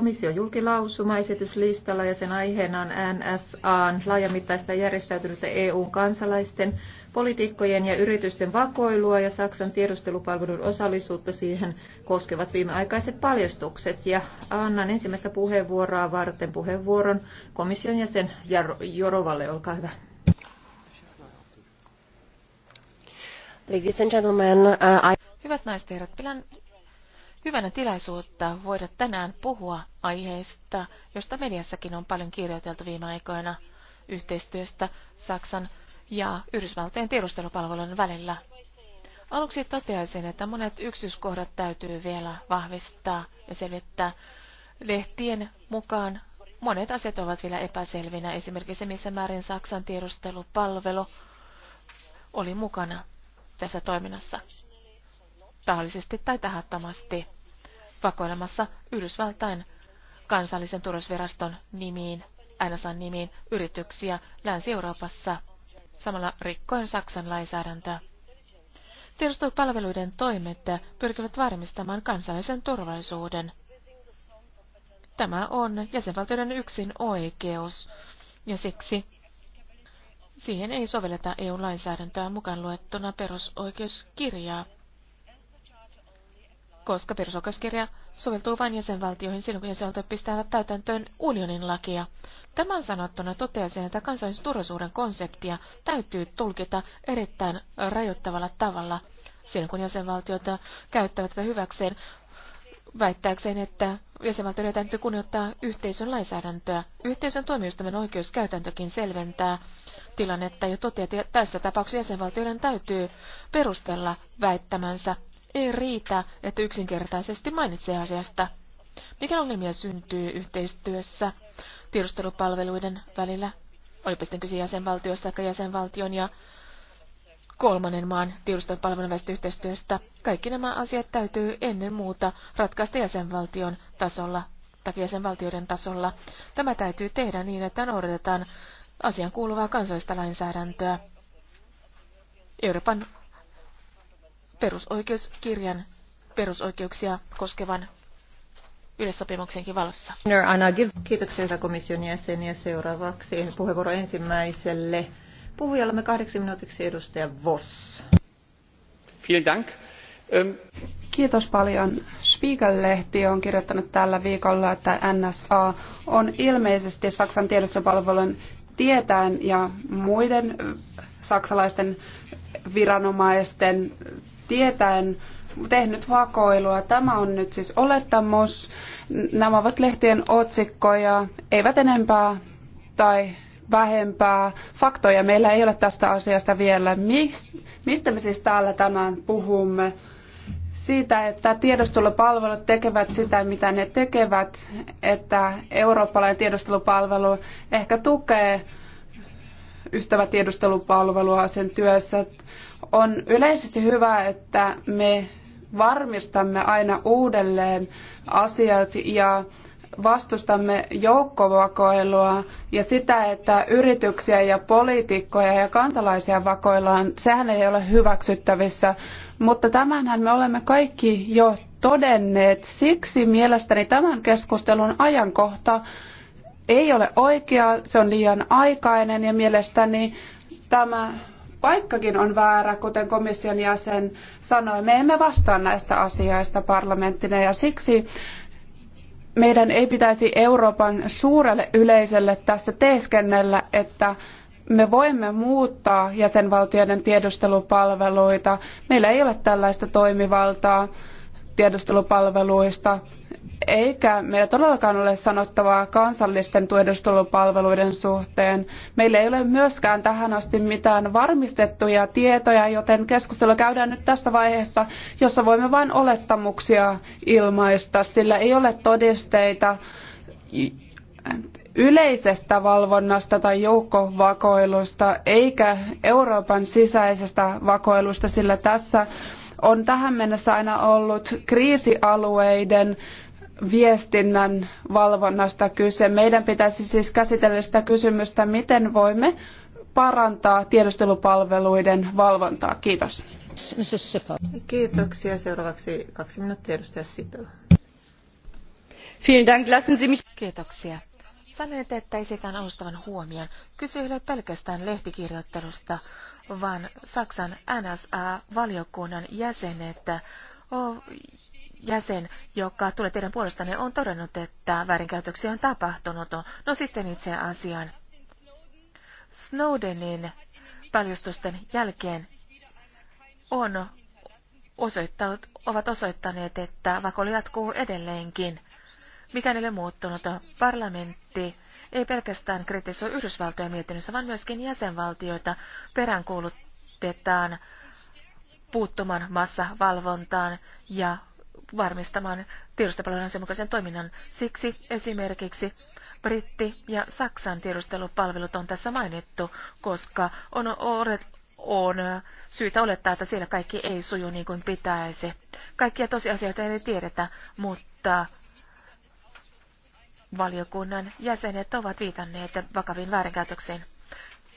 komission julkilausuma esityslistalla ja sen aiheena on NSAn laajamittaista järjestäytynyttä EUn kansalaisten, poliitikkojen ja yritysten vakoilua ja Saksan tiedustelupalvelun osallisuutta siihen koskevat viimeaikaiset paljastukset. Ja annan ensimmäistä puheenvuoroa varten puheenvuoron komission jäsen Jorovalle, olkaa hyvä. Ladies and gentlemen, uh, Hyvät naiset ja herrat, pidän hyvänä tilaisuutta voida tänään puhua aiheesta, josta mediassakin on paljon kirjoiteltu viime aikoina yhteistyöstä Saksan ja Yhdysvaltojen tiedustelupalvelujen välillä. Aluksi toteaisin, että monet yksityiskohdat täytyy vielä vahvistaa ja selvittää. Lehtien mukaan monet asiat ovat vielä epäselvinä, esimerkiksi missä määrin Saksan tiedustelupalvelu oli mukana tässä toiminnassa tahallisesti tai tahattomasti vakoilemassa Yhdysvaltain kansallisen turvallisuusviraston nimiin, NSAn nimiin, yrityksiä Länsi-Euroopassa, samalla rikkoen Saksan lainsäädäntöä. Tiedustelupalveluiden toimet pyrkivät varmistamaan kansallisen turvallisuuden. Tämä on jäsenvaltioiden yksin oikeus, ja siksi siihen ei sovelleta EU-lainsäädäntöä mukaan luettuna perusoikeuskirjaa koska perusoikeuskirja soveltuu vain jäsenvaltioihin silloin, kun jäsenvaltiot pistävät täytäntöön unionin lakia. Tämän sanottuna toteaisin, että kansallisen turvallisuuden konseptia täytyy tulkita erittäin rajoittavalla tavalla silloin, kun jäsenvaltiot käyttävät tätä hyväkseen väittääkseen, että jäsenvaltioiden täytyy kunnioittaa yhteisön lainsäädäntöä. Yhteisön tuomioistuimen oikeuskäytäntökin selventää tilannetta ja toteaa, että tässä tapauksessa jäsenvaltioiden täytyy perustella väittämänsä ei riitä, että yksinkertaisesti mainitsee asiasta. Mikä ongelmia syntyy yhteistyössä tiedustelupalveluiden välillä? Olipa sitten kyse jäsenvaltiosta tai jäsenvaltion ja kolmannen maan tiedustelupalvelun välistä yhteistyöstä. Kaikki nämä asiat täytyy ennen muuta ratkaista jäsenvaltion tasolla tai jäsenvaltioiden tasolla. Tämä täytyy tehdä niin, että noudatetaan asian kuuluvaa kansallista lainsäädäntöä. Euroopan perusoikeuskirjan perusoikeuksia koskevan yleissopimuksenkin valossa. Kiitoksia hyvä komission jäsen ja seuraavaksi puheenvuoro ensimmäiselle puhujallamme kahdeksi minuutiksi edustaja Voss. Ähm, Kiitos paljon. Spiegel-lehti on kirjoittanut tällä viikolla, että NSA on ilmeisesti Saksan tiedostopalvelun tietäen ja muiden äh, saksalaisten viranomaisten tietäen tehnyt vakoilua. Tämä on nyt siis olettamus. Nämä ovat lehtien otsikkoja, eivät enempää tai vähempää. Faktoja meillä ei ole tästä asiasta vielä. Mistä me siis täällä tänään puhumme? siitä, että tiedustelupalvelut tekevät sitä, mitä ne tekevät, että eurooppalainen tiedustelupalvelu ehkä tukee ystävätiedustelupalvelua sen työssä on yleisesti hyvä, että me varmistamme aina uudelleen asiat ja vastustamme joukkovakoilua ja sitä, että yrityksiä ja poliitikkoja ja kansalaisia vakoillaan, sehän ei ole hyväksyttävissä. Mutta tämänhän me olemme kaikki jo todenneet. Siksi mielestäni tämän keskustelun ajankohta ei ole oikea, se on liian aikainen ja mielestäni tämä paikkakin on väärä, kuten komission jäsen sanoi. Me emme vastaa näistä asioista parlamenttina ja siksi meidän ei pitäisi Euroopan suurelle yleisölle tässä teeskennellä, että me voimme muuttaa jäsenvaltioiden tiedustelupalveluita. Meillä ei ole tällaista toimivaltaa tiedustelupalveluista eikä meillä todellakaan ole sanottavaa kansallisten tiedustelupalveluiden suhteen. Meillä ei ole myöskään tähän asti mitään varmistettuja tietoja, joten keskustelu käydään nyt tässä vaiheessa, jossa voimme vain olettamuksia ilmaista, sillä ei ole todisteita yleisestä valvonnasta tai joukkovakoilusta eikä Euroopan sisäisestä vakoilusta, sillä tässä on tähän mennessä aina ollut kriisialueiden viestinnän valvonnasta kyse. Meidän pitäisi siis käsitellä sitä kysymystä, miten voimme parantaa tiedustelupalveluiden valvontaa. Kiitos. Kiitoksia. Seuraavaksi kaksi minuuttia edustaja Sipilä. Kiitoksia. Sallin, että esitän alustavan huomion. Kysy ei ole pelkästään lehtikirjoittelusta, vaan Saksan NSA-valiokunnan jäsenet jäsen, joka tulee teidän puolestanne, on todennut, että väärinkäytöksiä on tapahtunut. No sitten itse asiaan. Snowdenin paljastusten jälkeen on osoittanut, ovat osoittaneet, että vakoli jatkuu edelleenkin. Mikä niille muuttunut? Parlamentti ei pelkästään kritisoi Yhdysvaltoja mietinnössä, vaan myöskin jäsenvaltioita peräänkuulutetaan puuttumaan massavalvontaan ja varmistamaan tiedustelupalvelujen asianmukaisen toiminnan. Siksi esimerkiksi Britti- ja Saksan tiedustelupalvelut on tässä mainittu, koska on, on syytä olettaa, että siellä kaikki ei suju niin kuin pitäisi. Kaikkia tosiasioita ei tiedetä, mutta valiokunnan jäsenet ovat viitanneet vakaviin väärinkäytöksiin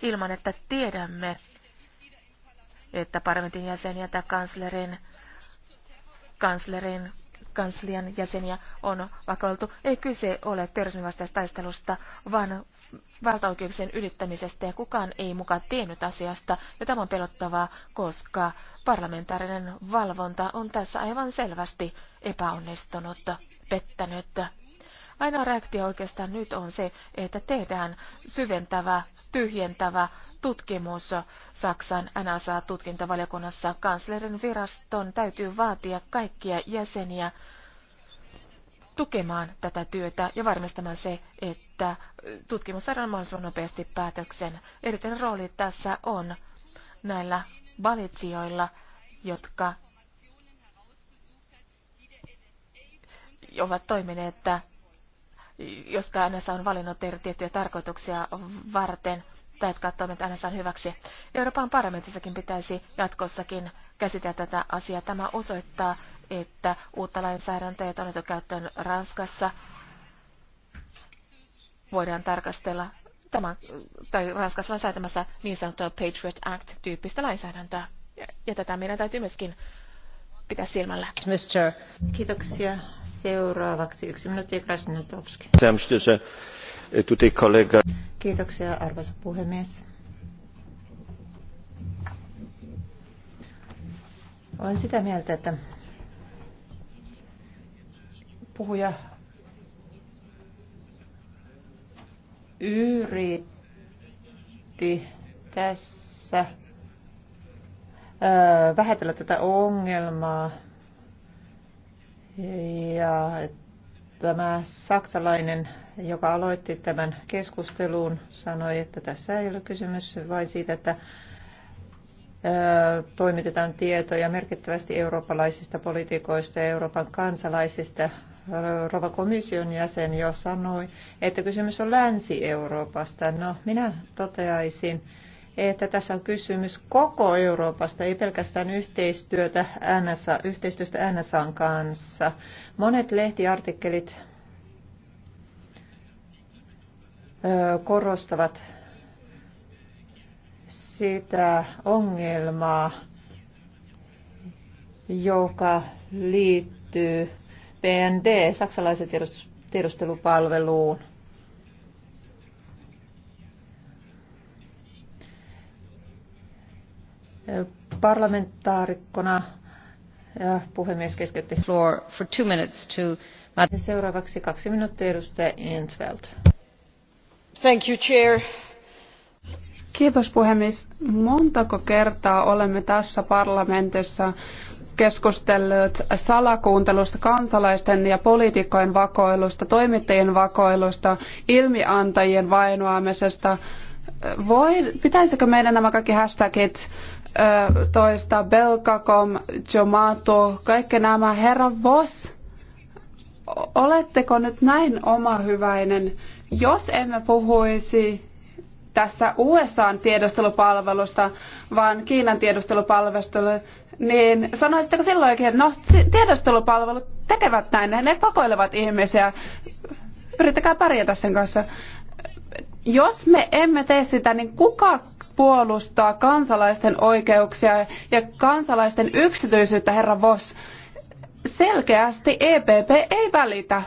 ilman, että tiedämme, että parlamentin jäseniä tai kanslerin kanslerin kanslian jäseniä on vakoiltu. Ei kyse ole terrorismivastaisesta taistelusta, vaan valtaoikeuksien ylittämisestä ja kukaan ei mukaan tiennyt asiasta. Ja tämä on pelottavaa, koska parlamentaarinen valvonta on tässä aivan selvästi epäonnistunut, pettänyt. Ainoa reaktio oikeastaan nyt on se, että tehdään syventävä, tyhjentävä tutkimus Saksan NSA-tutkintavaliokunnassa. Kanslerin viraston täytyy vaatia kaikkia jäseniä tukemaan tätä työtä ja varmistamaan se, että tutkimus saadaan mahdollisimman nopeasti päätöksen. Erityinen rooli tässä on näillä valitsijoilla, jotka ovat toimineet jotka NSA on valinnut tehdä tiettyjä tarkoituksia varten tai jotka toimivat NSA hyväksi. Euroopan parlamentissakin pitäisi jatkossakin käsitellä tätä asiaa. Tämä osoittaa, että uutta lainsäädäntöä, jota on otettu käyttöön Ranskassa, voidaan tarkastella tämän, tai Ranskassa on säätämässä niin sanottua Patriot Act-tyyppistä lainsäädäntöä. Ja, ja tätä meidän täytyy myöskin pitää silmällä. Mr. Kiitoksia. Seuraavaksi yksi minuutti Krasnodowski. E, Kiitoksia arvoisa puhemies. Olen sitä mieltä, että puhuja yritti tässä vähätellä tätä ongelmaa. Ja tämä saksalainen, joka aloitti tämän keskustelun, sanoi, että tässä ei ole kysymys vain siitä, että toimitetaan tietoja merkittävästi eurooppalaisista poliitikoista ja Euroopan kansalaisista. Rova komission jäsen jo sanoi, että kysymys on Länsi-Euroopasta. No, minä toteaisin, että tässä on kysymys koko Euroopasta, ei pelkästään yhteistyötä NSA, yhteistyöstä NSAn kanssa. Monet lehtiartikkelit korostavat sitä ongelmaa, joka liittyy PND, saksalaisen tiedustelupalveluun – parlamentaarikkona ja puhemies keskeytti. Floor for two minutes to... Seuraavaksi kaksi minuuttia edustaja Entfeld. Thank you, chair. Kiitos puhemies. Montako kertaa olemme tässä parlamentissa keskustelleet salakuuntelusta, kansalaisten ja poliitikkojen vakoilusta, toimittajien vakoilusta, ilmiantajien vainoamisesta. Voi, pitäisikö meidän nämä kaikki hashtagit toista, Belkakom, Jomato, kaikki nämä. Herra vos oletteko nyt näin oma hyväinen, Jos emme puhuisi tässä USA tiedustelupalvelusta, vaan Kiinan tiedustelupalvelusta, niin sanoisitteko silloin, että no tiedustelupalvelut tekevät näin, ne pakoilevat ihmisiä, yrittäkää pärjätä sen kanssa. Jos me emme tee sitä, niin kuka puolustaa kansalaisten oikeuksia ja kansalaisten yksityisyyttä, herra Voss. Selkeästi EPP ei välitä.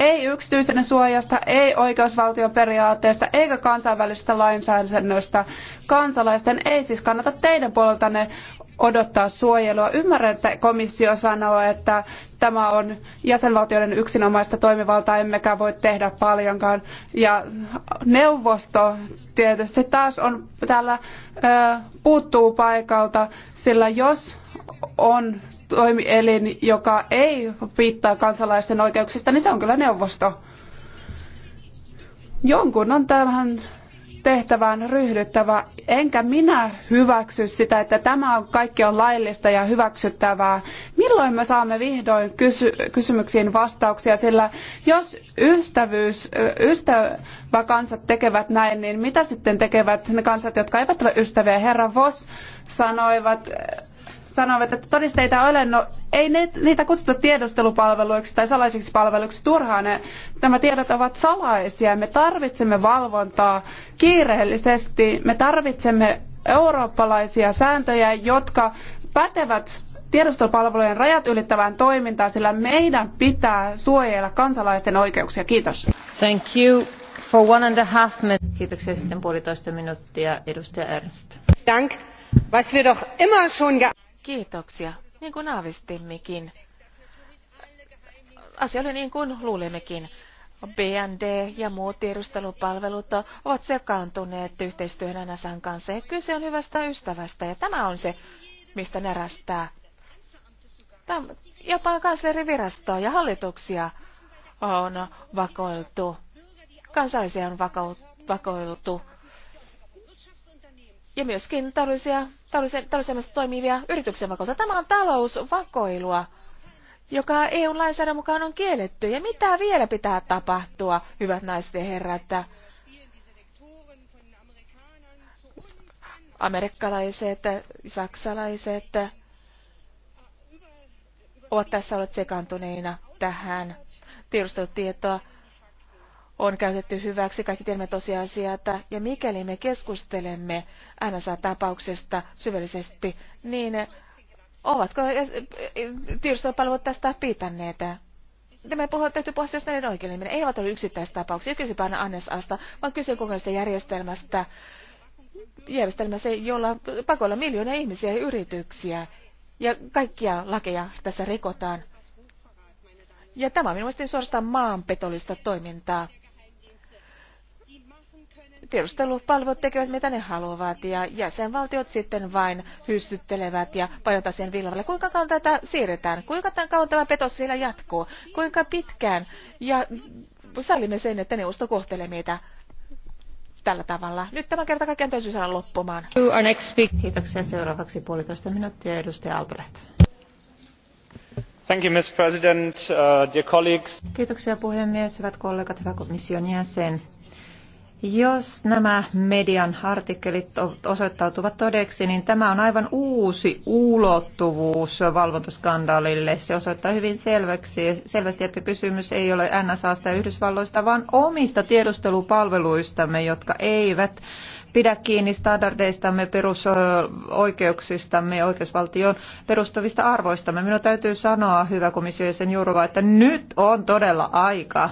Ei yksityisen suojasta, ei oikeusvaltioperiaatteesta eikä kansainvälisestä lainsäädännöstä. Kansalaisten ei siis kannata teidän puoleltanne odottaa suojelua. Ymmärrän, että komissio sanoo, että tämä on jäsenvaltioiden yksinomaista toimivaltaa, emmekä voi tehdä paljonkaan. Ja neuvosto tietysti taas on täällä puuttuu paikalta, sillä jos on toimielin, joka ei piittaa kansalaisten oikeuksista, niin se on kyllä neuvosto. Jonkun on tähän tehtävään ryhdyttävä, enkä minä hyväksy sitä, että tämä on, kaikki on laillista ja hyväksyttävää. Milloin me saamme vihdoin kysy kysymyksiin vastauksia, sillä jos ystävyys, ystäväkansat tekevät näin, niin mitä sitten tekevät ne kansat, jotka eivät ole ystäviä? Herra Voss sanoivat, sanoivat, että todisteita ei ole, no ei ne, niitä kutsuta tiedustelupalveluiksi tai salaisiksi palveluiksi turhaan. nämä tiedot ovat salaisia. Me tarvitsemme valvontaa kiireellisesti. Me tarvitsemme eurooppalaisia sääntöjä, jotka pätevät tiedustelupalvelujen rajat ylittävään toimintaan, sillä meidän pitää suojella kansalaisten oikeuksia. Kiitos. Thank you for one and a half Kiitoksia sitten puolitoista minuuttia. Edustaja Ernst. Dank. Was wir doch immer schon Kiitoksia. Niin kuin aavistimmekin. Asia oli niin kuin luulemmekin. BND ja muut tiedustelupalvelut ovat sekaantuneet yhteistyöhön NSAn kanssa ja kyse on hyvästä ystävästä ja tämä on se, mistä närästää. Tämä, jopa kanslerivirastoa ja hallituksia on vakoiltu. Kansalaisia on vako, vakoiltu ja myöskin taloudellisia, taloudellisia toimivia yrityksiä vakoilta. Tämä on talousvakoilua, joka EU-lainsäädännön mukaan on kielletty. Ja mitä vielä pitää tapahtua, hyvät naiset ja herrat? Amerikkalaiset, saksalaiset ovat tässä olleet sekaantuneina tähän tiedustelutietoa on käytetty hyväksi, kaikki tiedämme tosiasiat, ja mikäli me keskustelemme NSA-tapauksesta syvällisesti, niin ovatko eh, tiedustelupalvelut tästä piitanneet? Tämä puhua, täytyy puhua asioista niiden oikein. Ei ovat yksittäistä yksittäistapauksia, kyse aina NSAsta, vaan kyse kokonaisesta järjestelmästä, järjestelmässä, jolla pakolla miljoonia ihmisiä ja yrityksiä, ja kaikkia lakeja tässä rikotaan. Ja tämä on minun mielestäni suorastaan maanpetollista toimintaa tiedustelupalvelut tekevät mitä ne haluavat ja jäsenvaltiot sitten vain hystyttelevät ja painotaan sen villavalle. Kuinka kauan tätä siirretään? Kuinka tämän kauan tämä petos vielä jatkuu? Kuinka pitkään? Ja sallimme sen, että neuvosto kohtelee meitä tällä tavalla. Nyt tämä kerta kaiken täytyy saada loppumaan. Kiitoksia. Seuraavaksi puolitoista minuuttia edustaja Albrecht. Thank you, Mr. President, uh, dear colleagues. Kiitoksia puhemies, hyvät kollegat, hyvä komission jäsen. Jos nämä median artikkelit osoittautuvat todeksi, niin tämä on aivan uusi ulottuvuus valvontaskandaalille. Se osoittaa hyvin selväksi, selvästi, että kysymys ei ole NSAsta ja Yhdysvalloista, vaan omista tiedustelupalveluistamme, jotka eivät pidä kiinni standardeistamme, perusoikeuksistamme ja oikeusvaltion perustuvista arvoistamme. Minun täytyy sanoa, hyvä komissio sen Jurva, että nyt on todella aika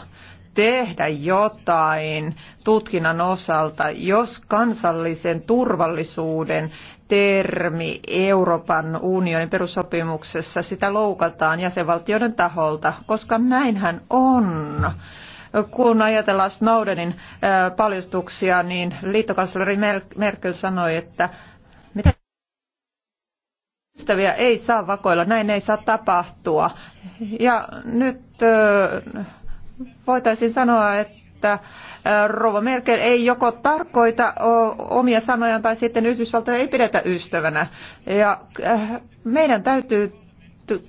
tehdä jotain tutkinnan osalta, jos kansallisen turvallisuuden termi Euroopan unionin perussopimuksessa sitä loukataan jäsenvaltioiden taholta, koska näinhän on. Kun ajatellaan Snowdenin paljastuksia, niin liittokansleri Merkel sanoi, että mitä ystäviä ei saa vakoilla, näin ei saa tapahtua. Ja nyt voitaisiin sanoa, että Rova Merkel ei joko tarkoita omia sanojaan tai sitten Yhdysvaltoja ei pidetä ystävänä. Ja meidän täytyy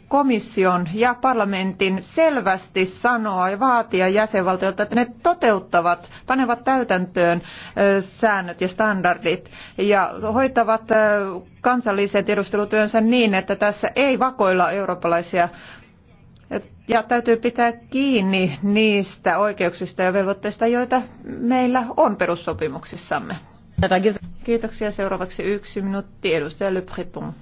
komission ja parlamentin selvästi sanoa ja vaatia jäsenvaltioilta, että ne toteuttavat, panevat täytäntöön säännöt ja standardit ja hoitavat kansallisen tiedustelutyönsä niin, että tässä ei vakoilla eurooppalaisia ja täytyy pitää kiinni niistä oikeuksista ja velvoitteista, joita meillä on perussopimuksissamme. Kiitoksia. Seuraavaksi yksi minuutti. Edustaja Le Breton.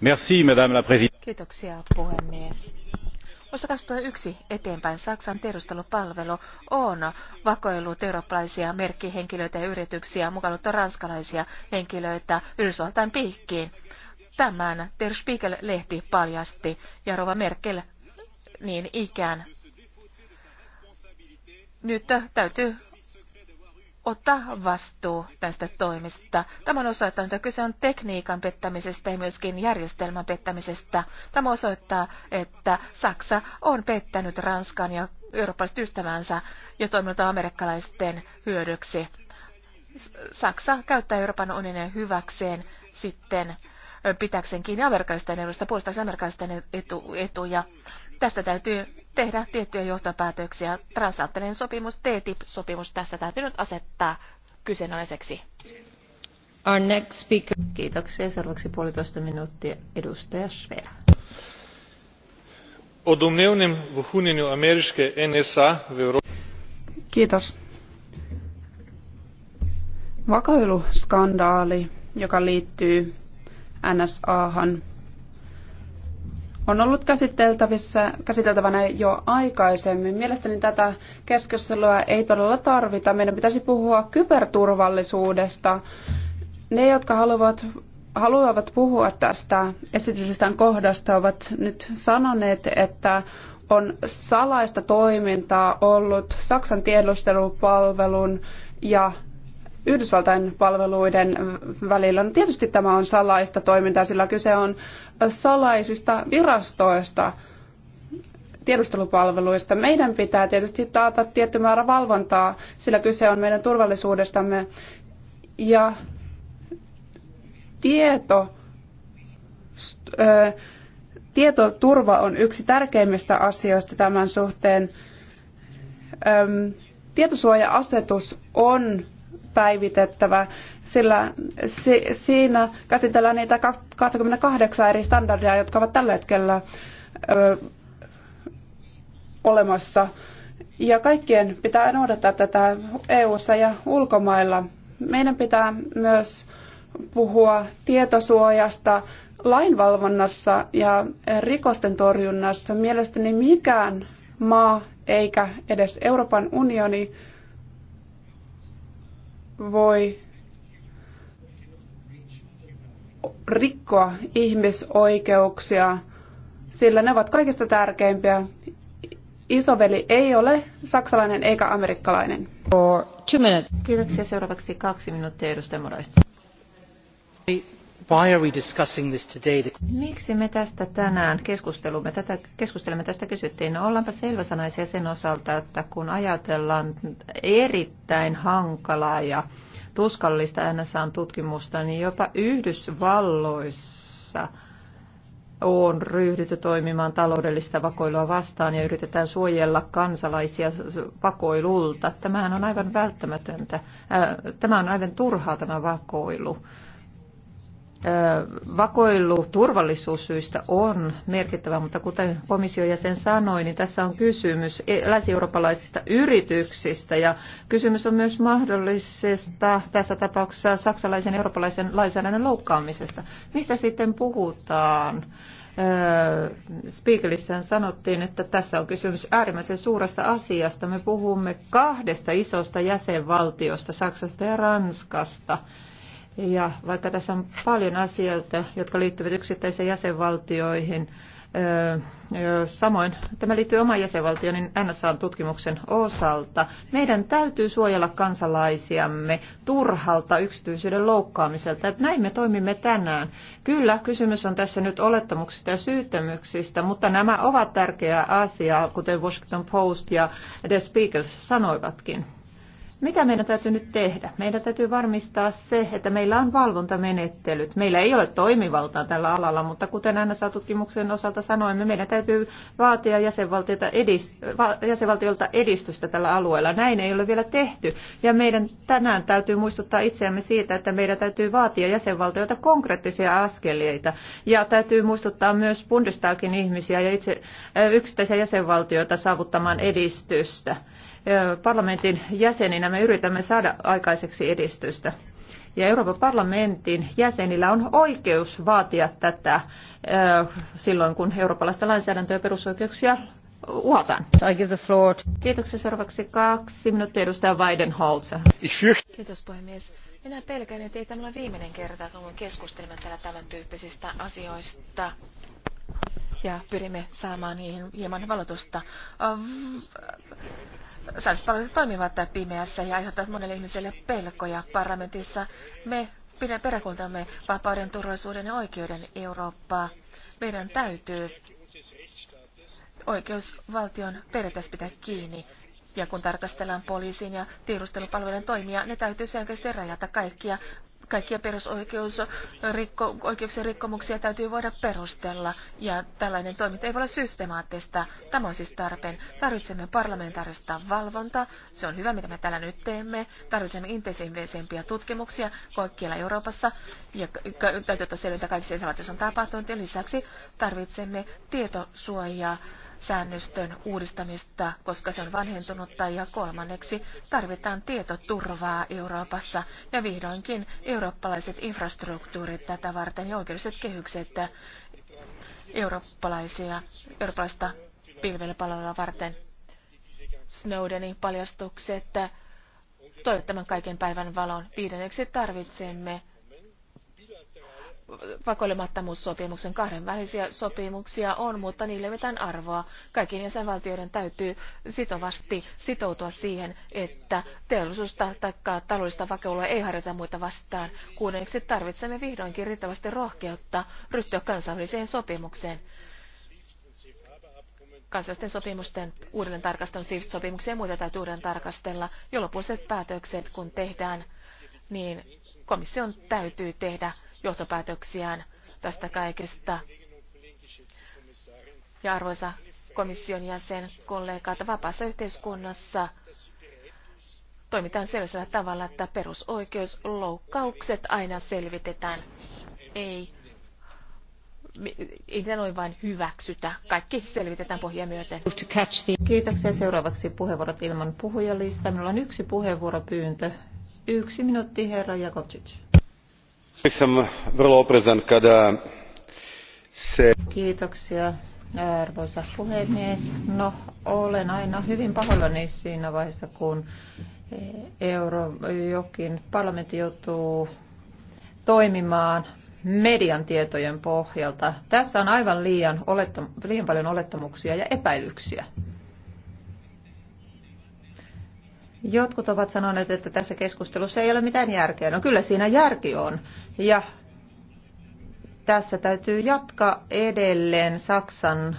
Merci, Madame la Présidente. Kiitoksia, puhemies. Vuosta 2001 eteenpäin Saksan tiedustelupalvelu on vakoillut eurooppalaisia merkkihenkilöitä ja yrityksiä, mukaan ranskalaisia henkilöitä Yhdysvaltain piikkiin Tämän Der Spiegel-lehti paljasti ja Rova Merkel niin ikään. Nyt täytyy ottaa vastuu tästä toimista. Tämä on osoittanut, että kyse on tekniikan pettämisestä ja myöskin järjestelmän pettämisestä. Tämä osoittaa, että Saksa on pettänyt Ranskan ja eurooppalaiset ystävänsä ja toiminut amerikkalaisten hyödyksi. Saksa käyttää Euroopan unionin hyväkseen sitten pitääkseen kiinni amerikkalaisten edusta, puolustaisi amerikkalaisten etu, etuja. Tästä täytyy tehdä tiettyjä johtopäätöksiä. Transatlanttinen sopimus, TTIP-sopimus, tässä täytyy nyt asettaa kyseenalaiseksi. Our next speaker. Kiitoksia. Seuraavaksi puolitoista minuuttia edustaja Svea. O domnevnem ameriške NSA v Eurooppa. Kiitos. Vakoiluskandaali, joka liittyy NSAhan on ollut käsiteltävissä, käsiteltävänä jo aikaisemmin. Mielestäni tätä keskustelua ei todella tarvita. Meidän pitäisi puhua kyberturvallisuudesta. Ne, jotka haluavat, haluavat puhua tästä esityksestä kohdasta, ovat nyt sanoneet, että on salaista toimintaa ollut Saksan tiedustelupalvelun ja Yhdysvaltain palveluiden välillä. No tietysti tämä on salaista toimintaa, sillä kyse on salaisista virastoista, tiedustelupalveluista. Meidän pitää tietysti taata tietty määrä valvontaa, sillä kyse on meidän turvallisuudestamme. Ja tieto, ö, tietoturva on yksi tärkeimmistä asioista tämän suhteen. Öm, tietosuoja-asetus on päivitettävä, sillä siinä käsitellään niitä 28 eri standardia, jotka ovat tällä hetkellä olemassa. Ja kaikkien pitää noudattaa tätä EU-ssa ja ulkomailla. Meidän pitää myös puhua tietosuojasta lainvalvonnassa ja rikosten torjunnassa. Mielestäni mikään maa eikä edes Euroopan unioni voi rikkoa ihmisoikeuksia, sillä ne ovat kaikista tärkeimpiä. Isoveli ei ole saksalainen eikä amerikkalainen. Kiitoksia. Seuraavaksi kaksi minuuttia edustaja Moraista. Why are we discussing this today? Miksi me tästä tänään keskustelumme? Tätä, keskustelemme tästä kysyttiin. No, ollaanpa selväsanaisia sen osalta, että kun ajatellaan erittäin hankalaa ja tuskallista NSA-tutkimusta, niin jopa Yhdysvalloissa on ryhdytty toimimaan taloudellista vakoilua vastaan ja yritetään suojella kansalaisia vakoilulta. Tämähän on aivan välttämätöntä. Tämä on aivan turhaa tämä vakoilu vakoilu turvallisuussyistä on merkittävä, mutta kuten komission jäsen sanoi, niin tässä on kysymys e- länsi-eurooppalaisista yrityksistä ja kysymys on myös mahdollisesta tässä tapauksessa saksalaisen eurooppalaisen lainsäädännön loukkaamisesta. Mistä sitten puhutaan? Spiegelissä sanottiin, että tässä on kysymys äärimmäisen suuresta asiasta. Me puhumme kahdesta isosta jäsenvaltiosta, Saksasta ja Ranskasta. Ja vaikka tässä on paljon asioita, jotka liittyvät yksittäisiin jäsenvaltioihin, Samoin tämä liittyy oman niin NSA-tutkimuksen osalta. Meidän täytyy suojella kansalaisiamme turhalta yksityisyyden loukkaamiselta. Että näin me toimimme tänään. Kyllä, kysymys on tässä nyt olettamuksista ja syyttämyksistä, mutta nämä ovat tärkeä asia, kuten Washington Post ja The Spiegel sanoivatkin. Mitä meidän täytyy nyt tehdä? Meidän täytyy varmistaa se, että meillä on valvontamenettelyt. Meillä ei ole toimivaltaa tällä alalla, mutta kuten saa tutkimuksen osalta sanoimme, meidän täytyy vaatia jäsenvaltiolta, edist- jäsenvaltiolta edistystä tällä alueella. Näin ei ole vielä tehty. Ja meidän tänään täytyy muistuttaa itseämme siitä, että meidän täytyy vaatia jäsenvaltiolta konkreettisia askeleita. Ja täytyy muistuttaa myös Bundestagin ihmisiä ja itse yksittäisiä jäsenvaltioita saavuttamaan edistystä parlamentin jäseninä me yritämme saada aikaiseksi edistystä. Ja Euroopan parlamentin jäsenillä on oikeus vaatia tätä silloin, kun eurooppalaista lainsäädäntöä ja perusoikeuksia uhataan. I give the floor. Kiitoksia seuraavaksi kaksi minuuttia edustaja Weidenholzer. Kiitos puhemies. Minä pelkään, että ei tämä ole viimeinen kerta, kun keskustelemme täällä tämän tyyppisistä asioista ja pyrimme saamaan niihin hieman valotusta. Säännöspalvelut toimivat pimeässä ja aiheuttavat monelle ihmiselle pelkoja. Parlamentissa me peräkuntamme vapauden, turvallisuuden ja oikeuden Eurooppaa. Meidän täytyy oikeusvaltion periaatteessa pitää kiinni. Ja kun tarkastellaan poliisin ja tiedustelupalvelujen toimia, ne täytyy selkeästi rajata kaikkia kaikkia perusoikeuksien rikkomuksia täytyy voida perustella, ja tällainen toiminta ei voi olla systemaattista. Tämä on siis tarpeen. Tarvitsemme parlamentaarista valvontaa, se on hyvä, mitä me täällä nyt teemme. Tarvitsemme intensiivisempiä tutkimuksia kaikkialla Euroopassa, ja täytyy ottaa selvitä kaikissa on tapahtunut, ja lisäksi tarvitsemme tietosuojaa säännöstön uudistamista, koska se on vanhentunutta, ja kolmanneksi tarvitaan tietoturvaa Euroopassa, ja vihdoinkin eurooppalaiset infrastruktuurit tätä varten ja oikeudelliset kehykset eurooppalaisia, eurooppalaista pilvelipalvelua varten. Snowdenin paljastukset toivat tämän kaiken päivän valon. Viidenneksi tarvitsemme pakolemattomuussopimuksen kahdenvälisiä sopimuksia on, mutta niille ei mitään arvoa. Kaikkien jäsenvaltioiden täytyy sitovasti sitoutua siihen, että teollisuusta tai taloudellista vakeulua ei harjoita muita vastaan. Kuudenneksi tarvitsemme vihdoinkin riittävästi rohkeutta ryhtyä kansainväliseen sopimukseen kansallisten sopimusten uudelleen tarkastelun, SWIFT-sopimuksia ja muita täytyy uudelleen tarkastella, jolloin päätökset, kun tehdään niin komission täytyy tehdä johtopäätöksiään tästä kaikesta. Ja arvoisa komission jäsen, kollegat, vapaassa yhteiskunnassa toimitaan sellaisella tavalla, että perusoikeusloukkaukset aina selvitetään. Ei, ei noin vain hyväksytä. Kaikki selvitetään pohjia myöten. Kiitoksia. Seuraavaksi puheenvuorot ilman puhujalista. Minulla on yksi puheenvuoropyyntö Yksi minuutti, herra Jakovic. Sam oprezan kada se... Kiitoksia, arvoisa puhemies. No, olen aina hyvin pahoillani siinä vaiheessa, kun eh, euro, jokin parlamentti joutuu toimimaan median tietojen pohjalta. Tässä on aivan liian, oletta, liian paljon olettamuksia ja epäilyksiä. Jotkut ovat sanoneet, että tässä keskustelussa ei ole mitään järkeä. No kyllä siinä järki on. Ja tässä täytyy jatkaa edelleen Saksan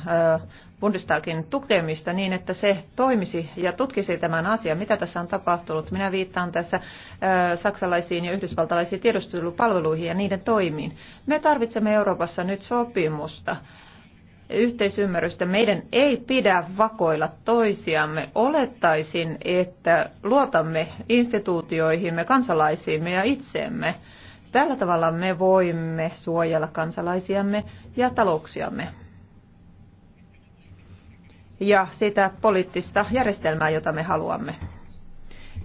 Bundestagin tukemista niin, että se toimisi ja tutkisi tämän asian, mitä tässä on tapahtunut. Minä viittaan tässä saksalaisiin ja yhdysvaltalaisiin tiedustelupalveluihin ja niiden toimiin. Me tarvitsemme Euroopassa nyt sopimusta yhteisymmärrystä. Meidän ei pidä vakoilla toisiamme. Olettaisin, että luotamme instituutioihimme, kansalaisiimme ja itseemme. Tällä tavalla me voimme suojella kansalaisiamme ja talouksiamme. Ja sitä poliittista järjestelmää, jota me haluamme.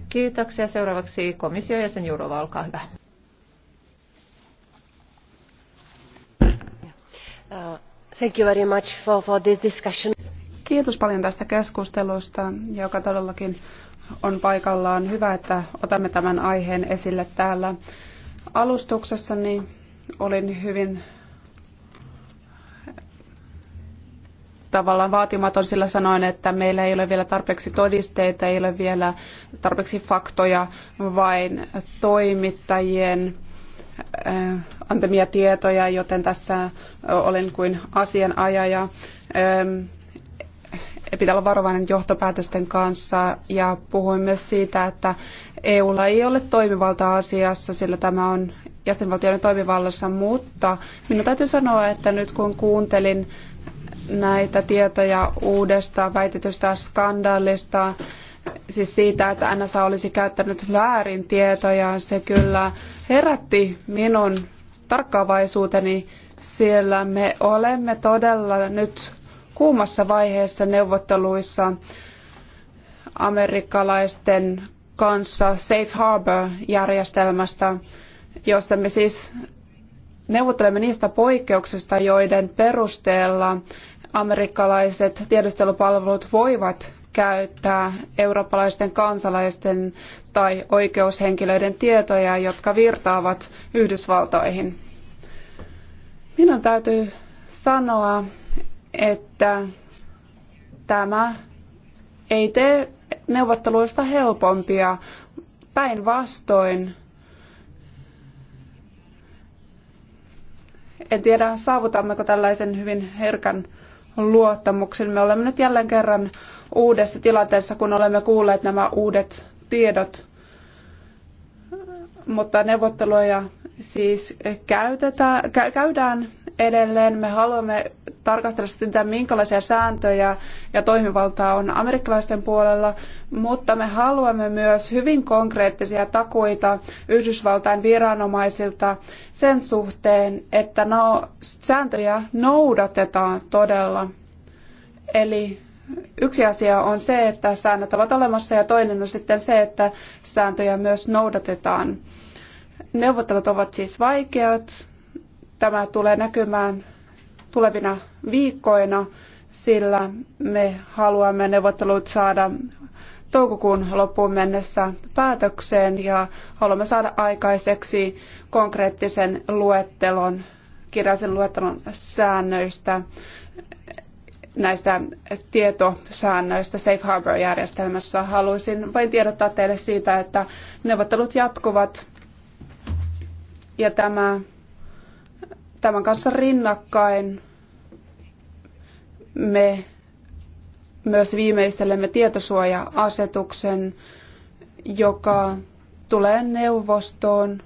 Kiitoksia. Seuraavaksi ja sen Jurova, olkaa hyvä. Uh Thank you very much for, for this discussion. Kiitos paljon tästä keskustelusta, joka todellakin on paikallaan. Hyvä, että otamme tämän aiheen esille täällä alustuksessani. Olin hyvin tavallaan vaatimaton, sillä sanoin, että meillä ei ole vielä tarpeeksi todisteita, ei ole vielä tarpeeksi faktoja, vain toimittajien Äh, antamia tietoja, joten tässä olen kuin asianajaja. Ähm, pitää olla varovainen johtopäätösten kanssa ja puhuin myös siitä, että EUlla ei ole toimivalta asiassa, sillä tämä on jäsenvaltioiden toimivallassa, mutta minun täytyy sanoa, että nyt kun kuuntelin näitä tietoja uudesta väitetystä skandaalista, siis siitä, että NSA olisi käyttänyt väärin tietoja, se kyllä herätti minun tarkkaavaisuuteni, siellä me olemme todella nyt kuumassa vaiheessa neuvotteluissa amerikkalaisten kanssa Safe Harbor-järjestelmästä, jossa me siis neuvottelemme niistä poikkeuksista, joiden perusteella amerikkalaiset tiedustelupalvelut voivat käyttää eurooppalaisten kansalaisten tai oikeushenkilöiden tietoja, jotka virtaavat Yhdysvaltoihin. Minun täytyy sanoa, että tämä ei tee neuvotteluista helpompia. Päinvastoin, en tiedä saavutammeko tällaisen hyvin herkän luottamuksen. Me olemme nyt jälleen kerran uudessa tilanteessa, kun olemme kuulleet nämä uudet tiedot. Mutta neuvotteluja siis käytetään, käydään edelleen. Me haluamme tarkastella sitä, minkälaisia sääntöjä ja toimivaltaa on amerikkalaisten puolella, mutta me haluamme myös hyvin konkreettisia takuita Yhdysvaltain viranomaisilta sen suhteen, että no, sääntöjä noudatetaan todella. Eli Yksi asia on se, että säännöt ovat olemassa ja toinen on sitten se, että sääntöjä myös noudatetaan. Neuvottelut ovat siis vaikeat. Tämä tulee näkymään tulevina viikkoina, sillä me haluamme neuvottelut saada toukokuun loppuun mennessä päätökseen ja haluamme saada aikaiseksi konkreettisen luettelon, kirjallisen luettelon säännöistä näistä tietosäännöistä Safe Harbor-järjestelmässä. Haluaisin vain tiedottaa teille siitä, että neuvottelut jatkuvat ja tämä, tämän kanssa rinnakkain me myös viimeistelemme tietosuoja-asetuksen, joka tulee neuvostoon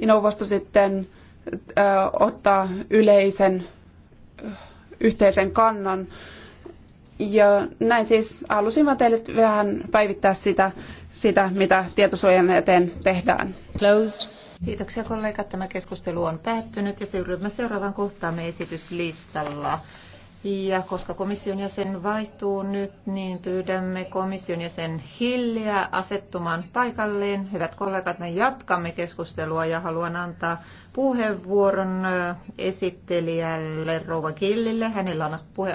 ja neuvosto sitten ö, ottaa yleisen yhteisen kannan. Ja näin siis halusimme teille vähän päivittää sitä, sitä mitä tietosuojan eteen tehdään. Closed. Kiitoksia kollegat. Tämä keskustelu on päättynyt ja seuraavan seuraavaan kohtaamme esityslistalla. Ja koska komission jäsen vaihtuu nyt, niin pyydämme komission jäsen Hilliä asettumaan paikalleen. Hyvät kollegat, me jatkamme keskustelua ja haluan antaa puheenvuoron esittelijälle Rouva Killille. Hänellä on puhe